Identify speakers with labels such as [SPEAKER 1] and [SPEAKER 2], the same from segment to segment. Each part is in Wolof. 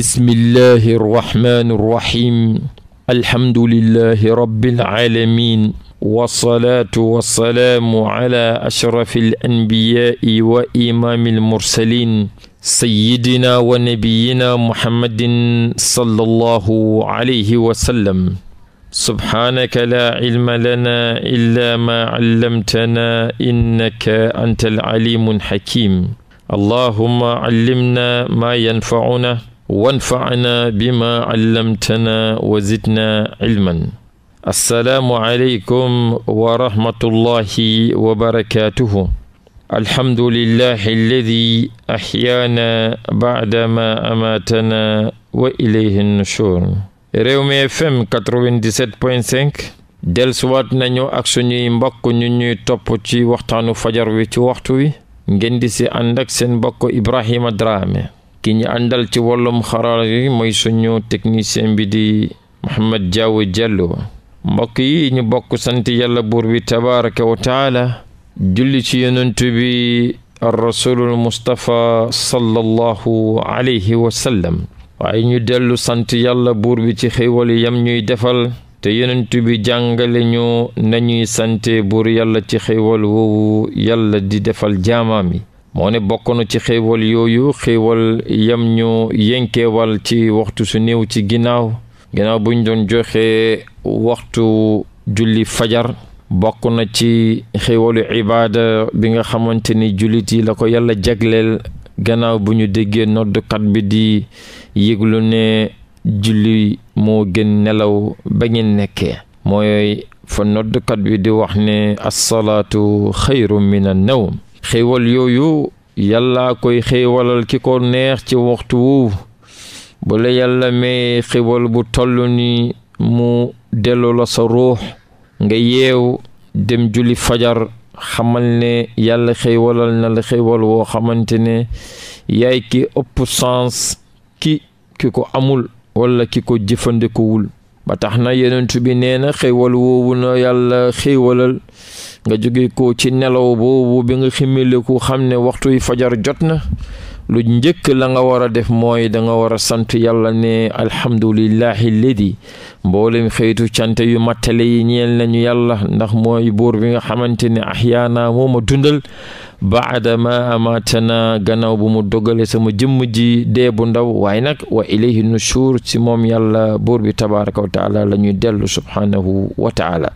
[SPEAKER 1] bismillahi arrahmani arrahim alhamdulillahi rabbil alamin wasalaatu wasalaamu ala ashrafi alanbiyaai wa imaami almursalin sayyidina wa nabiyina muhammadin sallallahu alayhi wa sallam subhaanaka laa cilma lanaa illaa maa callamtanaa innaka anta alcaliimu alxakiim allahumma callimnaa maa yanfacunaa wanfacna bima callamtana wa zidna cilman assalaamu aleykum wa rahmatullahi wa barakatuhu alhamdulillahi alladi axyaana bacdama amaatana wa ilayhi nushur Rewmi FM 97.5 delsuwaat nañu ak suñuy mbokk ñu ñuy topp ci waxtaanu fajar wi ci waxtu wi ngeen di si ànd ak seen mbokk Ibrahima Drame ki ñu àndal ci wàllum xarala yi mooy suñu technicien bi di Mouhamed Diaw jallo mbokk yi ñu bokk sant yàlla buur bi tabaraka wa taala julli ci yonent bi arrasulul mustapha sallallahu alayhi wa sallam waaye ñu dellu sant yàlla buur bi ci xéewal yam ñuy defal te yonent bi jàngale ñu nañuy sante buur yàlla ci xéewal woowu yàlla di defal jaamaami moo ne bokk na ci xéewal yooyu xéewal yam ñu yenkeewal ci waxtu su néew ci ginnaaw ginnaaw buñ doon joxee waxtu julli fajar bokk na ci xéewalu ibaada bi nga xamante ni jullit yi la ko yàlla jagleel gannaaw bu ñu déggee noddukat bi di yëglu ne julli moo gën nelaw ba ngeen nekkee mooy fa noddukat bi di wax ne asalaatu xayru min an nawm xéewal yooyu yàlla koy xéewalal ki ko neex ci waxtu wu bu la yàlla may xéewal bu toll ni mu dellu la sa ruux nga yeew dem julli fajar xamal ne yàlla xéewalal na la xéewal woo xamante ne yaay ki ëpp sens ki ki ko amul wala ki ko jëfandikowul ba tax na yonent bi nee na xéewal woowu noo yàlla xéewalal nga jóge ko ci nelaw boobu bi nga ximiliku xam ne waxtuy fajar jot na lu njëkk la nga war a def mooy da nga war a sant yàlla ne alhamdulillahi ledi mboolem xëytu cante yu mattale yi ñeel nañu yàlla ndax mooy buur bi nga xamante ne ahyaana moo ma dundal baada ma amaatana gannaaw bu mu dogale sama jëmm ji dee bu ndaw waaye nag wa ilayhi nushur ci moom yàlla buur bi tabaraka wa la ñuy dellu subhaanahu wa taala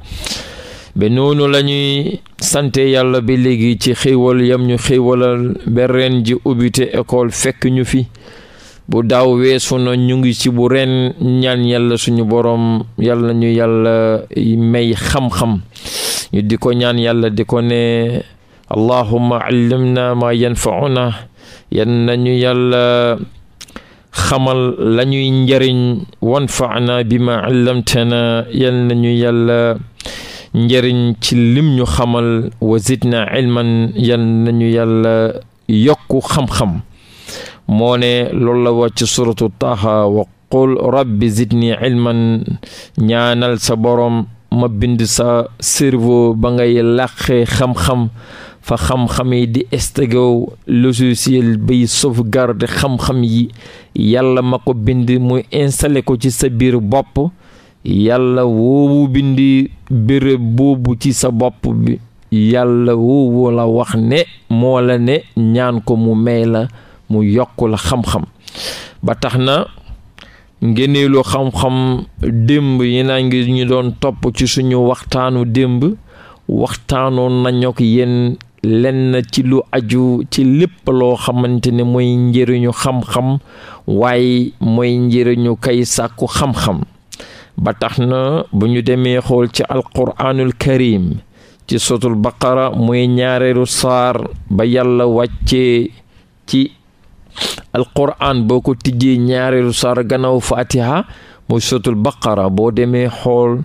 [SPEAKER 1] ba noonu la ñuy sante yàlla ba léegi ci xéewal yam ñu xéewalal ba ren ji ubbite école fekk ñu fi bu daaw weesu na ñu ngi ci bu ren ñaan yàlla suñu boroom yàlla ñu yàlla may xam-xam ñu di ko ñaan yàlla di ko ne allahumma allimna ma yanfauna yan nañu yàlla xamal la njariñ wanfana bi ma allamtana yan nañu yàlla njëriñ ci lim ñu xamal wa zidna ilman yan nañu yàlla yokku xam-xam moo ne loolu la wàcc suratu taaha wa qul rabbi zidni ilman ñaanal sa borom ma bind sa cerveau ba ngay làqee xam-xam fa xam-xam yi di stegow logiciel bay sauvegarde xam-xam yi yàlla ma ko bind muy installé ko ci sa biir bopp yàlla woowu bindi béréb boobu ci sa bopp bi yàlla woowu la wax ne moo la ne ñaan ko mu may la mu yokk la xam-xam ba tax na ngeneelu xam-xam démb yi naa ngi ñu doon topp ci suñu waxtaanu démb waxtaanoon nañook yenn yéen lenn ci lu aju ci lépp loo xamante ne mooy njariñu xam-xam waaye mooy njëriñu kay sàkku xam-xam ba tax na bu ñu demee xool ci alquraanul karim ci sotul baqara muy ñaareelu saar ba yàlla wàccee ci alquraan boo ko tijjee ñaareelu saar gannaaw fatiha mooy sotul baqara boo demee xool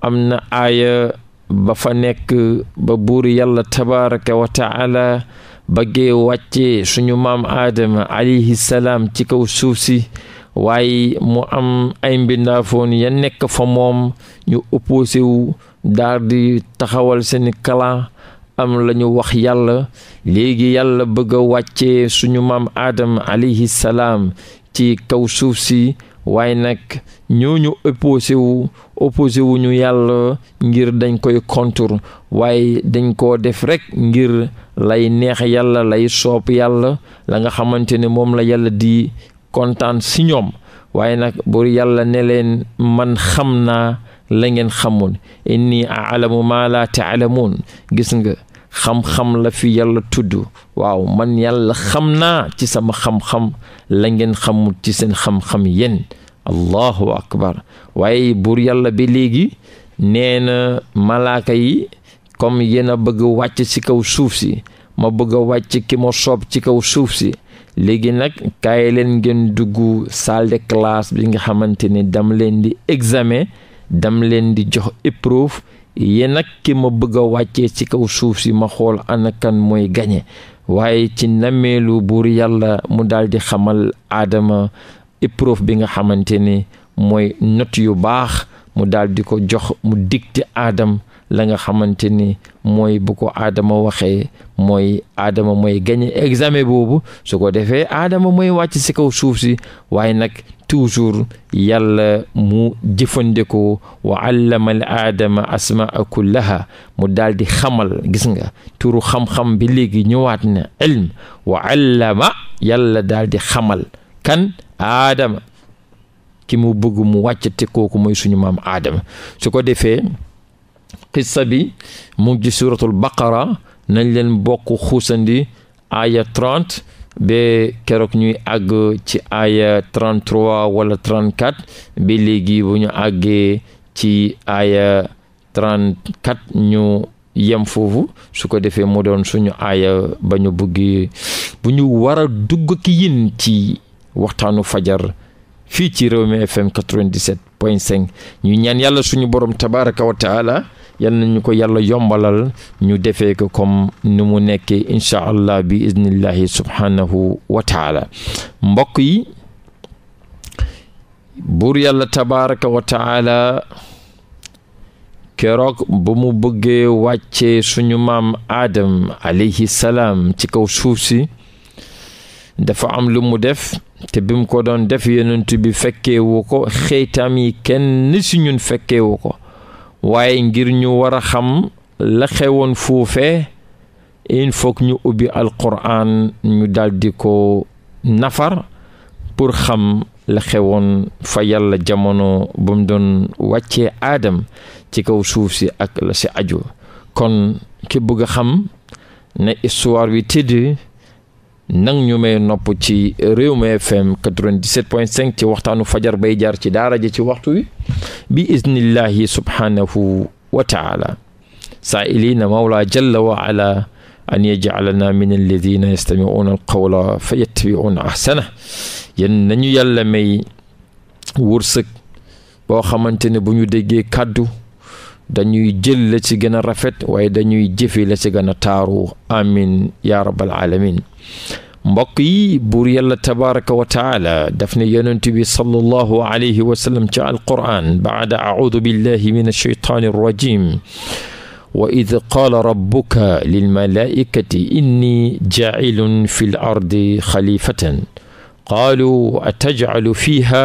[SPEAKER 1] am na aaya ba fa nekk ba buur yàlla tabaraka wa taala bëggee wàccee suñu maam aadama alayhi salaam ci kaw suuf si waaye mu am ay mbindaafoon ya nekk fa moom ñu opposé wu daal taxawal seeni kalan am lañu wax yàlla léegi yàlla bëgg a wàccee suñu maam aadam alayhi salaam ci kaw suuf si waaye nag ñooñu opposé wu opposé yàlla ngir dañ koy contour waaye dañ ko def rek ngir lay neex yàlla lay soob yàlla la nga xamante ne moom la yàlla di kontaan si ñoom waaye nag buur yàlla ne leen man xam naa la ngeen xamoon inni alamu maa laa taalamuun gis nga xam-xam la fi yàlla tudd waaw man yàlla xam naa ci sama xam-xam la ngeen xamul ci seen xam-xam yéen allahu akbar waaye buur yàlla bi léegi nee na malaaka yi comme yéen a bëgg wàcc ci kaw suuf si ma bëgg a wàcc ki ma soob ci kaw suuf si léegi nag kaay leen ngeen dugg salle de classe bi nga xamante ni dam leen di examen dam leen di jox épreuve yéen nag ki ma bëgg a wàccee ci kaw suuf si ma xool ana mooy gañe waaye ci nammeelu buur yàlla mu daal di xamal aadama épreuve bi nga xamante ni mooy not yu baax mu daldi ko jox mu digte aadam la nga xamante ni mooy bu ko aadama waxee mooy aadama mooy gañe examen boobu su ko defee aadama mooy wàcc si kaw suuf si waaye nag toujours yàlla mu jëfandikoo wa allamal aadama asmaa kullaha mu daldi xamal gis nga turu xam-xam bi léegi ñëwaat na ilm wa allama yàlla daal di xamal kan aadama ki mu bëgg mu wàccate kooku mooy suñu maam aadama su ko defee qissa bi mu ngi ci baqara nañ leen bokk xuusandi aaya 30 ba keroog ñuy àgg ci aaya 33 wala 34 ba léegi bu ñu àggee ci aaya ñu yem foofu su ko defee moo doon suñu aaya ba ñu buggi bu ñu war a dugg ki yin ci waxtaanu fajar fii ci Rewmi FM 97 point ñu ñaan yàlla suñu borom tabaraka wa yal nañu ko yàlla yombalal ñu defee ko comme ni mu nekkee incha allah bi iznillahi subhanahu wa mbokk yi buur yàlla tabaraka wa taala keroog bu mu bëggee wàcce suñu maam aadam alayhi salaam ci kaw suuf si dafa am lu mu def te bi ko doon def yonent bi fekkeewu ko xeetam yi kenn si ñun fekkeewu ko waaye ngir ñu war a xam la xewoon foofe il faut ñu ubbi alquran ñu daldi ko nafar pour xam la xewoon fa yàlla jamono ba mu doon wàccee aadam ci kaw suuf si ak la si aju kon ki bëgg a xam ne histoire bi tëdd nang ñu may nopp ci Rewmi FM 97.5 ci waxtaanu fajar bay jaar ci daara ji ci waxtu wi bi iznillahi subhanahu wa taala saa'ilina mawla jalla wa ala an yaj'alana min alladina yastami'una alqawla fa yattabi'una ahsana yéen nañu yalla may wërsëg boo xamante ne bu ñu déggee kàddu dañuy jël la ci gën a rafet waaye dañuy jëfe la ci gën a taaru amin ya rabbal alamin mbokk yi buur yàlla tabaraka wa taala daf ne yonent bi sallallahu alayhi wa sallam ci alquran baada audu billahi min alsheytaani arrajim wa id qaala rabbuka lilmalaikati inni jaacilun fi l ardi xalifatan qaalu atajcalu fiiha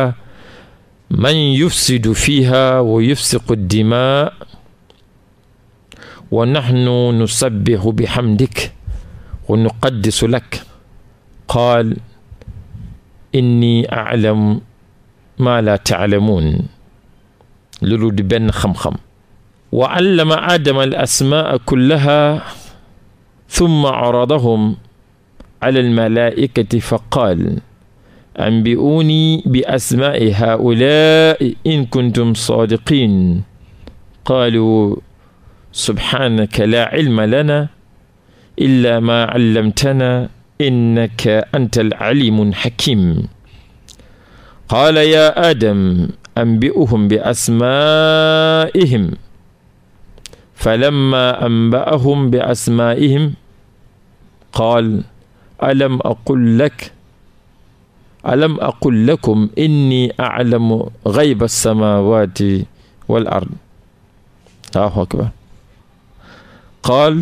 [SPEAKER 1] man yufsidu fiiha wa yufsiqu ddimaa wa naxnu nusabbihu bihamdik wa nuqaddisu lak qaal inni aalamu maa laa taalamuun loolu di benn xam-xam wa allama aadama al asmaa kullaha thumma aradahum ala almalaikati fa qaal anbi'uuni bi asmaai haa'ulaa'i in kuntum saadiqiin qaaluu subhaanaka laa cilma lanaa illaa maa callamtanaa innaka anta alalimu alxakim qaala ya adam ambi'uhum bi asma'ihim falamma anba'ahum bi asma'ihim qaal alam aqul lak alam aqul lakum inni a'lamu ghayba as-samawati wal ard Allahu akbar qaal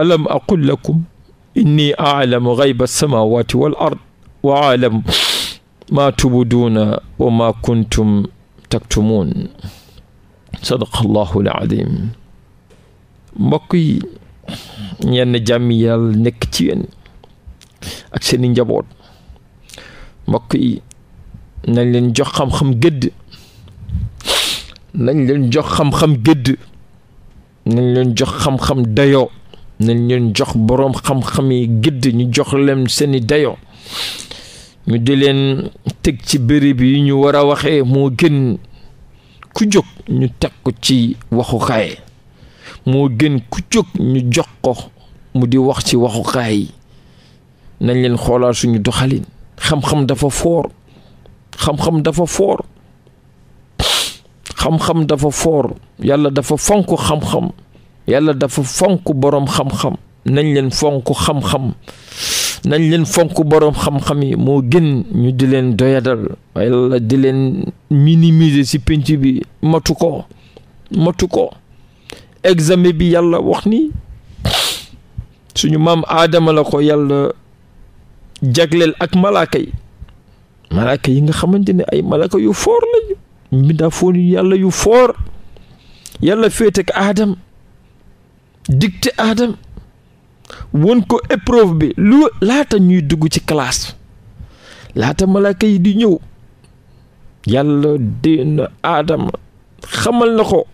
[SPEAKER 1] alam aqul lakum inni aalamu gayba alsamawati wal ard wa aalamu maa tubuduuna wa maa kuntum taktumuun sadaqa allahu alazim mbokk yi ñenn jàmmi yàlla nekk ci yéen ak seeni njaboot mbokk yi nañ leen jox xam-xam gëdd nañ leen jox xam-xam gëdd nañ leen jox xam-xam dayoo nañ leen jox boroom xam-xam yi gëdd ñu jox leen seeni dayoo ñu di leen teg ci béréb yi ñu war a waxee moo gën ku jóg ñu teg ko ci waxukaay moo gën ku jóg ñu jox ko mu di wax ci waxukaay yi nañ leen xoolaal suñu doxalin xam-xam dafa foor xam-xam dafa foor xam-xam dafa foor yàlla dafa fonk xam-xam yàlla dafa fonk boroom xam-xam nañ leen fonk xam-xam nañ leen fonk boroom xam-xam yi moo gën ñu di leen doyadal yàlla di leen minimiser si pénc bi matu ko matu ko exame bi yàlla wax ni suñu maam aadama la ko yàlla jagleel ak malaaka yi malaaka yi nga xamante ni ay malaaka yu foor lañu mbindaa foon yàlla yu foor yàlla féete aadam dicté aadam won ko épreuve bi lu laata ñuy dugg ci classe laata malaaka yi di ñëw yàlla dina aadama xamal na ko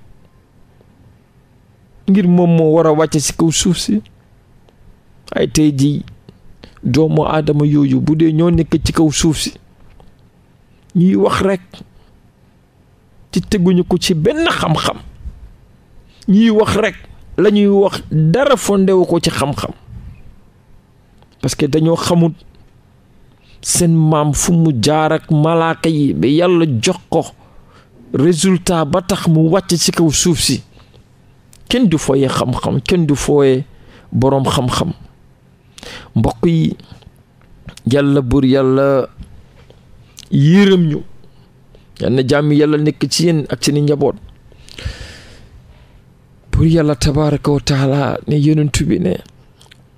[SPEAKER 1] ngir moom moo war a wàcc ci kaw suuf si ay tey doomu aadama yooyu bu dee ñoo nekk ci kaw suuf si ñuy wax rekk ci teguñu ko ci benn xam-xam ñuy wax rekk lañuy wax dara fondé ko ci xam-xam parce que dañoo xamut seen maam fu mu jaar ak malaaka yi ba yàlla jox ko résultat ba tax mu wàcc ci kaw suuf si kenn du foye xam-xam kenn du fooyee boroom xam-xam mbokk yi yàlla buur yàlla yërëm ñu yal na jàmm yàlla nekk ci yenn ak seeni njaboot buur yàlla tabaraka wa taala ne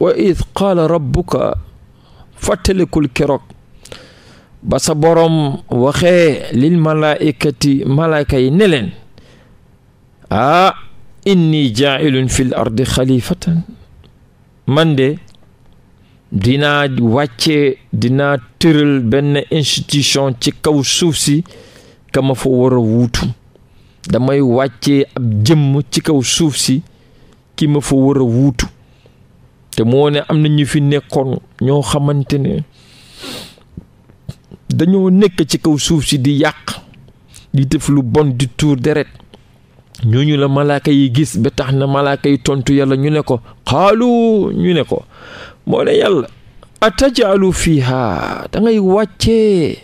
[SPEAKER 1] wa id qaala rabbuka fàttalikul keroog ba sa boroom waxee lil malaikati malaaka yi ne leen aa ah, inni jaailun fil ardi xalifatan man de dinaa wàcce dinaa tëral benn institution ci kaw suuf si kama fa war a wuutu damay wàccee ab jëmm ci kaw suuf si ki ma fa war a wuutu te moo ne am na ñu fi nekkoon ñoo xamante ne dañoo nekk ci kaw suuf si di yàq di def lu bon di tuur deret ñooñu la malaaka yi gis ba tax na malaaka yi tontu yàlla ñu ne ko xaalu ñu ne ko moo ne yàlla atajalu fiha da ngay wàccee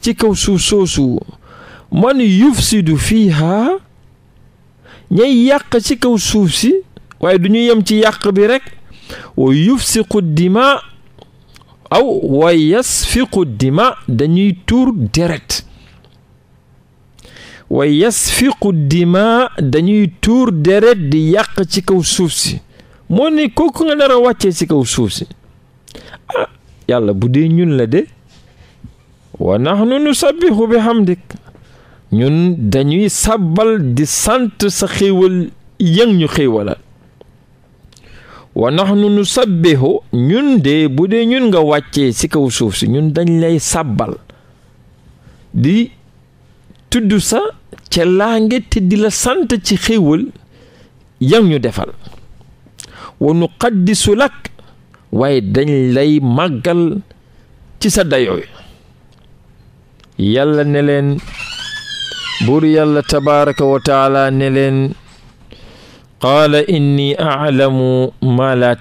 [SPEAKER 1] ci kaw suuf soosu man yufsidu fiiha ñay yàq ci kaw suuf si waaye du ñu yem ci yàq bi rekk wa yufsiqu dima aw wa yasfiqu dima dañuy tuur deret wa yasfiqu dima dañuy tuur deret di yàq ci kaw suuf si moo ne kooku nga nar a wàccee ci kaw suuf si ah yàlla bu dee ñun la de wa nahnu nusabbihu bihamdik ñun dañuy sabbal di sant sa xéewal yang ñu xéewalal wa nahnu nusabbihu ñun de bu dee ñun nga wàcce ci kaw suuf si ñun dañ lay sabbal di tudd sa ca laange te di la sant ci xéewal yang ñu defal wa nuqaddisu lak waaye dañ lay màggal ci sa dayooy yàlla ne leen buur yàlla tabaraka wa taala ne leen qaala inni aalamu maa laa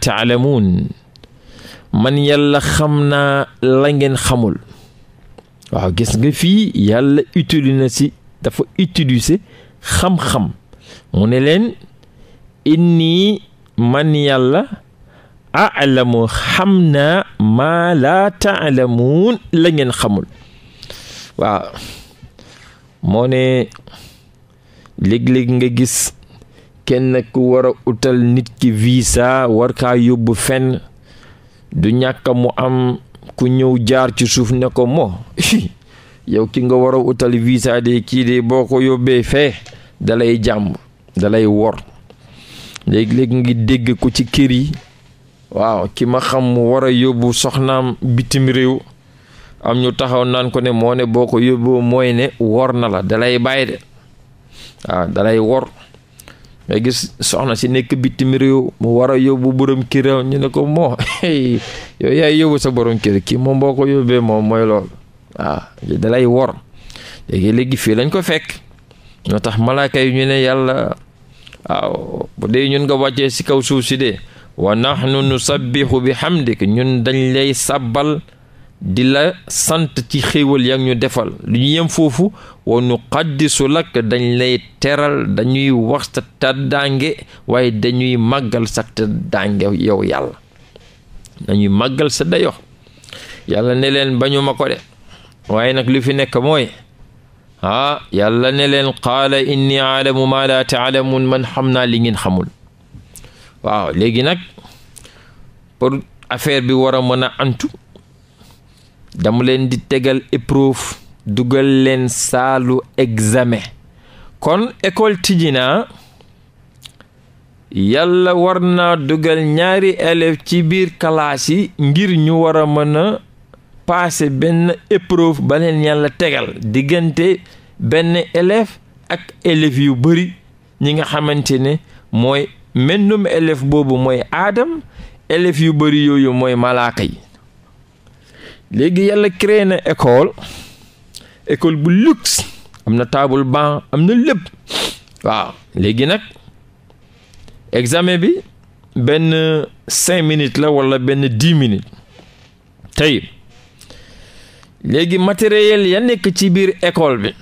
[SPEAKER 1] man yàlla xam naa la ngeen xamul waaw gis nga fii yàlla utiliser na dafa utiliser xam-xam mu ne leen inni man yàlla aalamu xam na maa laa taalamuun la ngeen xamul moo ne léeg-léeg nga gis kenn ku war a utal nit ki visa war kaa yóbbu fenn du ñàkk mu am ku ñëw jaar ci suuf ne ko moo yow ki nga war a utal visa de kii de boo ko yóbbee fee dalay jàmb dalay wor léeg-léeg ngi dégg ko ci kër yi waaw ki ma xam mu war a yóbbu soxnaam bitim réew am ñu taxaw naan ko ne moo ne boo ko yóbboo mooy ne wor na la dalay bàyyi de waaw dalay wor nga gis soxna si nekk bitim mu war a yóbbu borom këram ñu ne ko moo yow yaay yóbbu sa borom kër ki moom boo ko yóbbee moom mooy lool dalay wor léegi léegi fii lañ ko fekk ñoo tax malaaka yi ñu ne yàlla waaw bu dee ñun nga wàccee si kaw suuf si de wa nahnu nusabbihu bi hamdik ñun dañ lay sabbal di la sant ci xéewal yaa ñu defal lu yem foofu wa nu qaddisu lak dañ lay teral dañuy wax sa tàddaange waaye dañuy màggal sa tàddaange yow yàlla dañuy màggal sa dayo yàlla ne leen bañu ma ko de waaye nag lu fi nekk mooy ah yàlla ne leen qaala inni aalamu maa laa taalamuun man xam naa li ngeen xamul waaw léegi nag pour affaire bi war a mën a antu dama leen di tegal épreuve dugal leen saalu examen kon école tijina na yàlla war naa dugal ñaari élève ci biir kalaas yi ngir ñu war a mën a passer benn épreuve ba leen tegal diggante benn élève ak élèves yu bëri ñi nga xamante ne mooy mennum élève boobu mooy aadam élèves yu bari yooyu mooy malaaka yi léegi yàlla créé na école école bu luxe am na table ban am na lépp waaw léegi nag examen bi benn cinq minutes la wala benn dix minutes tey léegi matériel ya nekk ci biir école bi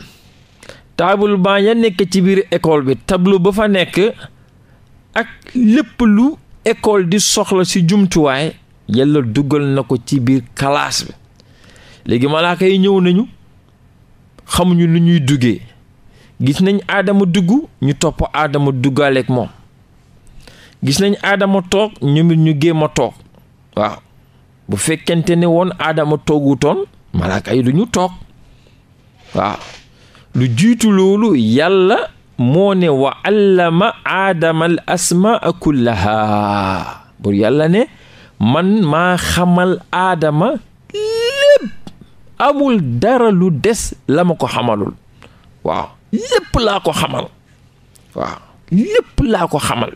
[SPEAKER 1] taabul banc ya nekk ci biir école bi tableau ba fa nekk ak lépp lu école di soxla si jumtuwaay yàlla duggal na ko ci biir kalaas bi léegi malaaka yi ñëw nañu xamuñu nu ñuy duggee gis nañ aadama dugg ñu topp aadama duggaaleeg moom gis nañ aadama toog ñu ñu géem a toog waaw bu fekkente ne woon aadama toogutoon malaaka yi du ñu toog waaw lu jiitu loolu yàlla moo ne wa allama aadama al asmaa kullaha bur yàlla ne man maa xamal aadama lépp amul dara lu des la ko xamalul waaw lépp laa ko xamal waaw lépp laa ko xamal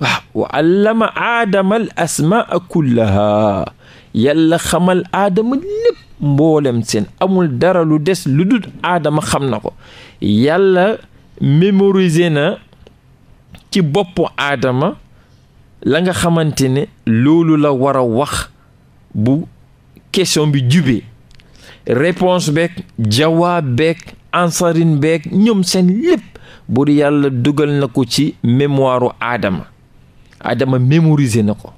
[SPEAKER 1] waaw wa allama aadama al asmaa kullaha yàlla xamal aadama lépp mboolem seen amul dara lu des lu dul aadama xam na ko yàlla mémorisé na ci boppu aadama la nga xamante ne loolu la war a wax bu question bi jubee réponse beeg jawaab beek ansarin beeg ñoom seen lépp bur yàlla dugal na ko ci mémoire aadama aadama mémoriser na ko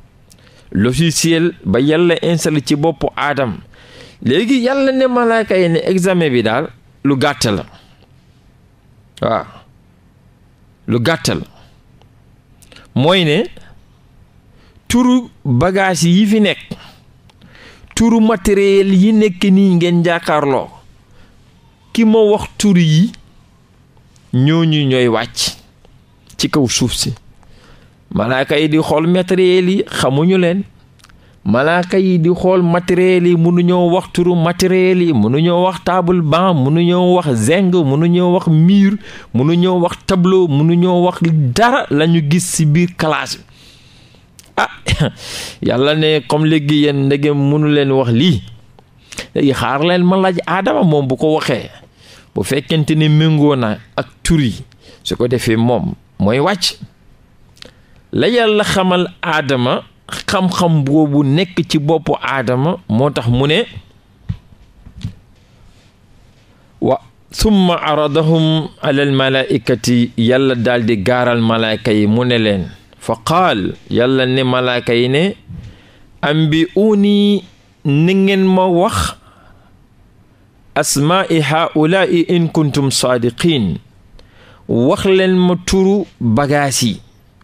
[SPEAKER 1] logiciel ba yàlla installé ci boppu aadama léegi yàlla ne malaaka yi ne examen bi daal lu gàtt la waaw lu gàtt mooy ne turu bagage yi fi nekk turu matériel yi nekk nii ngeen jàkkaarloo ki ma wax turu yi ñoo ñu ñoy wàcc ci kaw suuf si malaaka yi di xool matériel yi xamuñu leen malaaka yi di xool matériel yi mënuñoo wax turu matériel yi mënuñoo wax table banc mënuñoo wax zinc mënuñoo wax mur mënuñoo wax tableau mënuñoo wax dara lañu gis ci biir classe ah yàlla ne comme léegi yéen ndegem mënu leen wax lii léegi xaar leen ma laaj aadama moom bu ko waxee bu fekkente ne méngoo na ak tur su ko defee moom mooy wàcc la yàlla xamal aadama xam-xam boobu nekk ci boppu aadama moo tax mu ne wa summa aradahum alal malaikati yàlla daldi gaaral malaayka yi mu ne leen fa qaal yàlla ne malaaka yi ne ambi uuni ni ngeen ma wax asmaai haulaai in kuntum saadiqin wax leen ma turu bagaas yi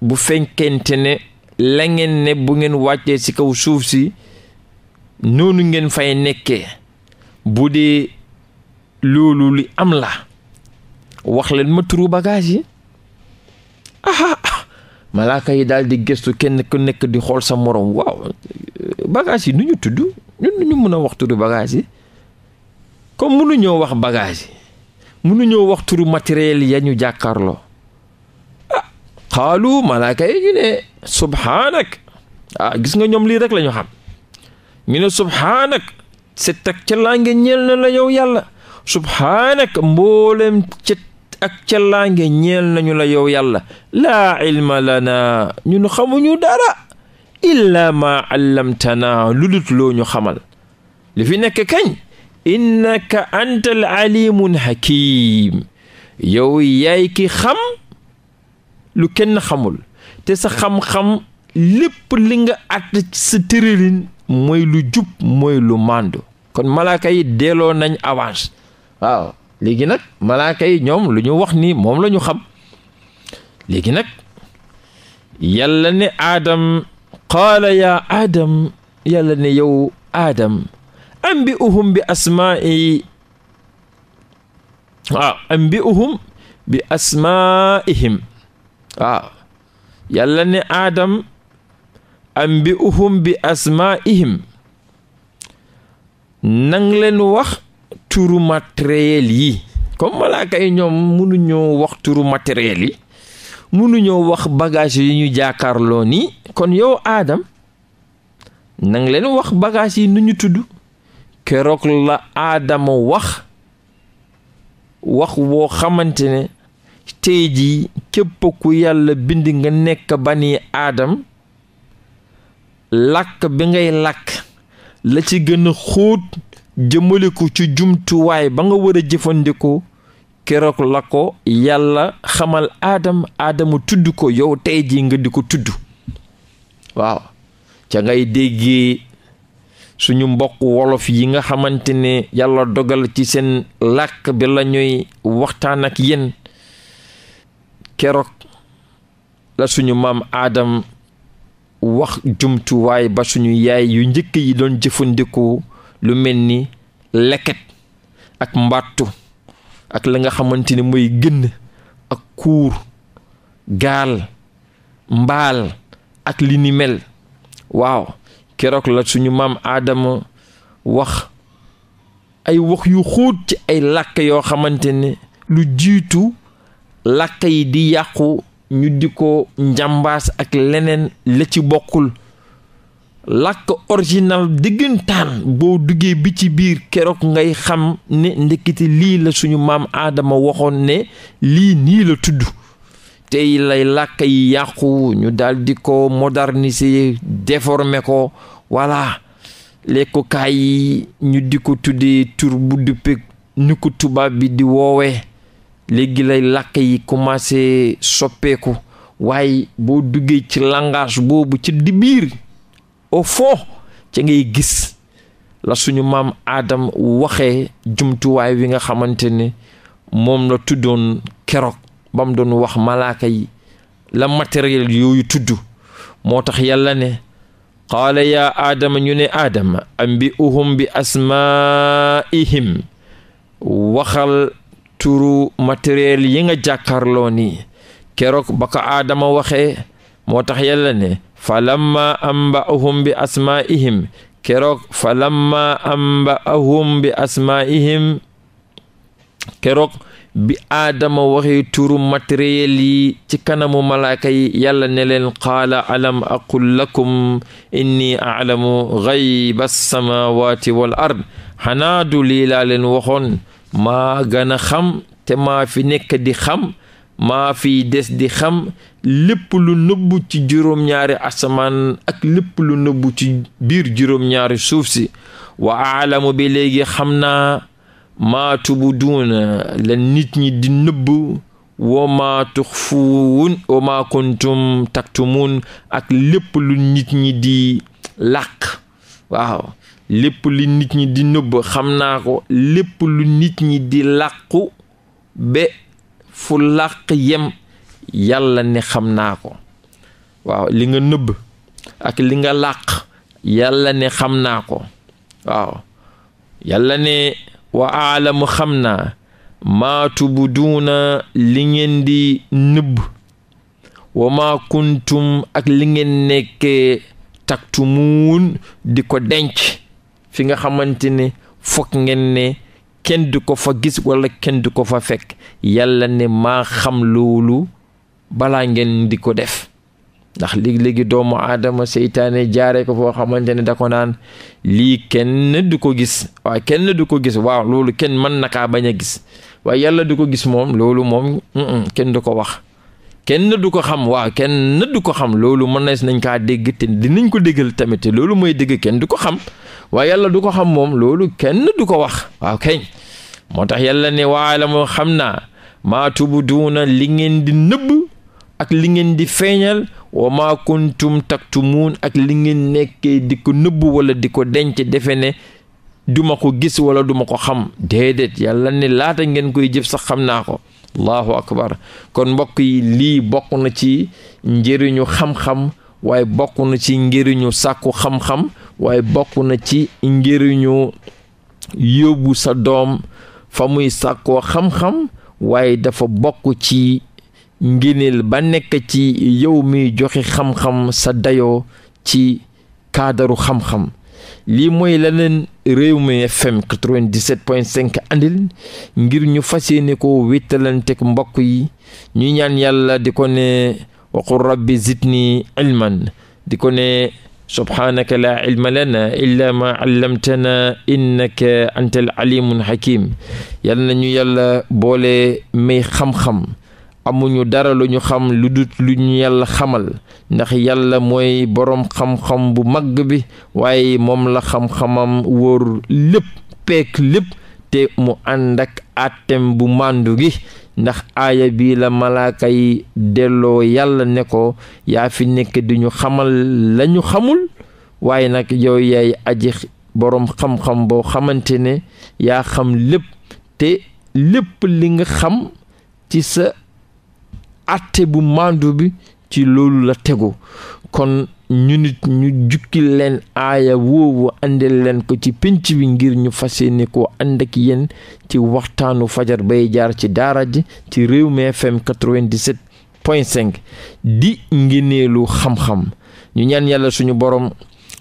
[SPEAKER 1] bu fenkente ne la ngeen ne bu ngeen wàccee ci kaw suuf si noonu ngeen fay nekke bu dee loolu li am la waxleen leen ma turu bagaas yi malaaka yi daal di gëstu kenn ku nekk di xool sa moroom waaw bagage yi nu ñu tudd ñun nu ñu mën a wax turu bagage yi comme mënuñoo wax bagage yi mënuñoo wax turu matériel ya ñu jàkkarloo ah xaalu malaaka yi ñu ne subhaanak ah gis nga ñoom lii rek lañu ñu xam ñu ne subhaanak set ak ca ñeel na la yow yàlla subhaanak mboolem cet ak cellaange ñeel nañu la yow yàlla laa ilma lana ñun xamuñu dara illaa maa allamtana lu dut loo ñu xamal li fi nekk kañ innaka antal alimun hakim yow yaay ki xam lu kenn xamul te sa xam-xam lépp li nga at sa tërëlin lu jub mooy lu màndu kon malaaka yi delloo nañ avance waaw léegi nag malaaka ñoom lu ñu wax ni moom la ñu xam léegi nag yàlla ne aadam qaala yaa aadam yàlla ne yow aadam ambi bi asmaa'i waaw ah, ambi uhum asmaa'ihim waaw ah, ne aadam ambi uhum bi asmaa'ihim nang leen wax turu yi comme malaaka yi ñoom mënuñoo wax turu matériel yi mënuñoo wax bagaas yi ñu jaakaarloo ni kon yow aadam nang leen wax bagaas yi nu ñu tudd keroog la aadama wax wax woo xamante ne tey ji képp ku yàlla bind nga nekk ba ni aadam làkk bi ngay làkk la ci gën a xóot jëmmale ko ci jumtuwaay ba nga war a jëfandikoo keroog la ko yàlla xamal aadam aadama tudd ko yow tey jii nga di ko tudd waaw ca ngay déggee suñu mbokk wolof yi nga xamante ne yàlla dogal ci seen làkk bi lañuy ñuy waxtaan ak yéen keroog la suñu maam aadam wax jumtuwaay ba suñu yaay yu njëkk yi doon jëfandikoo lu mel ni leket ak mbàttu ak la nga xamante ni mooy gënn ak kuur gaal mbaal ak li ni mel waaw keroog la suñu maam aadama wax ay wax yu xóot ci ay làkk yoo xamante ni lu jiitu làkk yi di yàqu ñu di ko njàmbaas ak leneen la ci bokkul làkk original diggantaan boo duggee bi ci biir keroog ngay xam ni ndekkiti lii la suñu maam aadama waxoon ne lii nii la tudd tey lay làkk yi yàqu ñu daldi ko moderniser déformer ko voilà lekkukaay yi ñu di ko tuddee tur bu duppe ñu ko tubaab bi di woowee léegi lay làkk yi commencé soppeeku waaye boo duggee ci langage boobu ci di biir au ci ngay gis la suñu maam aadam waxee jumtuwaay wi nga xamante ne moom la tuddoon keroog ba mu doon wax malaaka yi la matériel yooyu tuddu moo tax yàlla ne qaala yaa aadama ñu ne aadama ambi uhum bi asmaihim waxal turu matériel yi nga jàkkarloo nii keroog ba ko aadama waxee moo tax yàlla ne falamma amba'ahum bi asma'ihim keroog falamma amba'ahum bi asma'ihim keroog bi aadama waxee turu matériel yi ci kanamu malaaka yi yàlla ne leen qaala alam aqul lakum inni aalamu gayba alsamawati wal ard xanaa du lii laa maa gën xam te maa fi nekk xam maa fi des di xam lépp lu nëbbu ci juróom-ñaari asamaan ak lépp lu nëbbu ci biir juróom-ñaari suuf si wa aalamu bi léegi xam naa maa tubuduuna la nit ñi di nëbbu wa maa tuxfuun wa maa kuntum taktumuun ak lépp lu nit ñi di làq waaw lépp lu nit ñi di nëbb xam naa ko lépp lu nit ñi di làqu be fu làq yem yàlla ne xam naa ko waaw li nga nëbb ak li nga làq yàlla ne xam naa ko waaw ne wa aalamu xam naa maa tubduuna li ngeen di nëbb wa maa kuntum ak li ngeen nekkee taktumuun di ko denc fi nga xamante ne foog ngeen ne kenn du ko fa gis wala kenn du ko fa fekk yàlla ne maa xam loolu balaa ngeen di ko def ndax léegi-léegi doomu aadama seytaane jaare ko foo xamante ne da ko naan lii kenn du ko gis waaw kenn du ko gis waaw loolu kenn mën na kaa bañ a gis waaye yàlla du ko gis moom loolu moom kenn du ko wax kenn du ko xam waaw kenn du ko xam loolu mën nañ nañ kaa dégg te nañ ko déggal tamit loolu mooy dégg kenn du ko xam waa yàlla du ko xam moom loolu kenn du ko wax waaw kañ moo tax yàlla ne waala moo xam naa maa tubduuna li ngeen di nëbb ak li ngeen di feeñal wa maa kuntum taktumuun ak li ngeen nekkee di ko nëbb wala di ko denc defe ne duma ko gis wala duma ko xam déedéet yàlla ne laata ngeen koy jëf sax xam naa ko allahu akbar kon mbokk yi lii bokk na ci njëriñu xam-xam waaye bokk na ci njëriñu sàkku xam-xam waaye bokk na ci ngir ñu yóbbu sa doom fa muy sàkkoo xam-xam waaye dafa bokk ci ngéneel ba nekk ci yow mi joxe xam-xam sa dayo ci kaadaru xam-xam lii mooy leneen réew mi fm 97.5 andil ngir ñu fas yéene ko wéttalanteeg mbokk yi ñu ñaan yàlla di ko ne waqul rabbi zidni ilman di ko ne subhaanaka laa ilma lana illa ma allamtana innaka anta al alimun hakim yal nañu yàlla boole may xam-xam amuñu dara lu ñu xam lu dut lu ñu yàlla xamal ndax yàlla mooy borom xam-xam bu màgg bi waaye moom la xam-xamam wóor lépp peek lépp te mu ànd ak àttem bu màndu gi ndax aaya bii la malaaka yi delloo yàlla ne ko yaa fi nekk di ñu xamal la xamul waaye nag yow yaay aji boroom xam-xam boo xamante ne yaa xam lépp te lépp li nga xam ci sa àtte bu màndu bi ci loolu la tegu ñu nit ñu jukkil leen aaya woowu àndil leen ko ci pénc bi ngir ñu fas yéene koo ànd ak ci waxtaanu fajar bay jaar ci daara ji ci Rewmi FM 97 point 5 di ngéneelu xam-xam ñu ñaan yàlla suñu boroom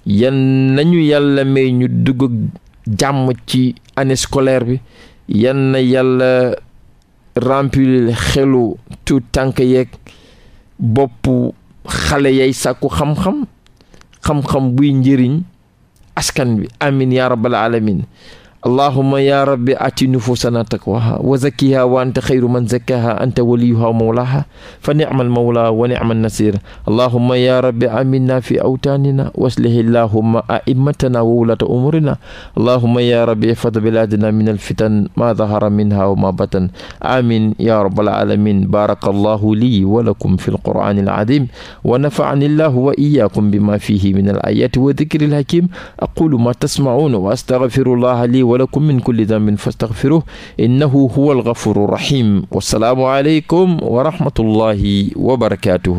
[SPEAKER 1] yan nañu yàlla may ñu dugg jàmm ci année scolaire bi yan na yàlla remplir xelu tout tànk yeeg boppu xale yay sàkku xam-xam xam-xam buy njëriñ askan bi amin ya rabbal alamin allahuma ya rabbi ati nufusana taqwaha wa zakkiha wa anta xayru man zakkaha anta waliyuha wa mawlaha fa ni'mal mawla wa ni'mal nasir allahuma ya rabbi aminna fi awtanina waslih allahuma a'immatana wa wulata umurina allahuma ya rabbi ihfad biladina min alfitan ma dahara minha wa ma batan amin ya rabbal alamin baraka allahu li wa lakum fi alqur'ani alazim wa nafa'ani allahu wa iyyakum bima fihi min alayati wa dhikri alhakim aqulu ma tasma'un wa astaghfiru allaha li wa lakum min kulli dambin fastaghfiruh innahu huwa alghafuru rahim wasalaamu aleykum wa rahmatullahi wa barakatuhu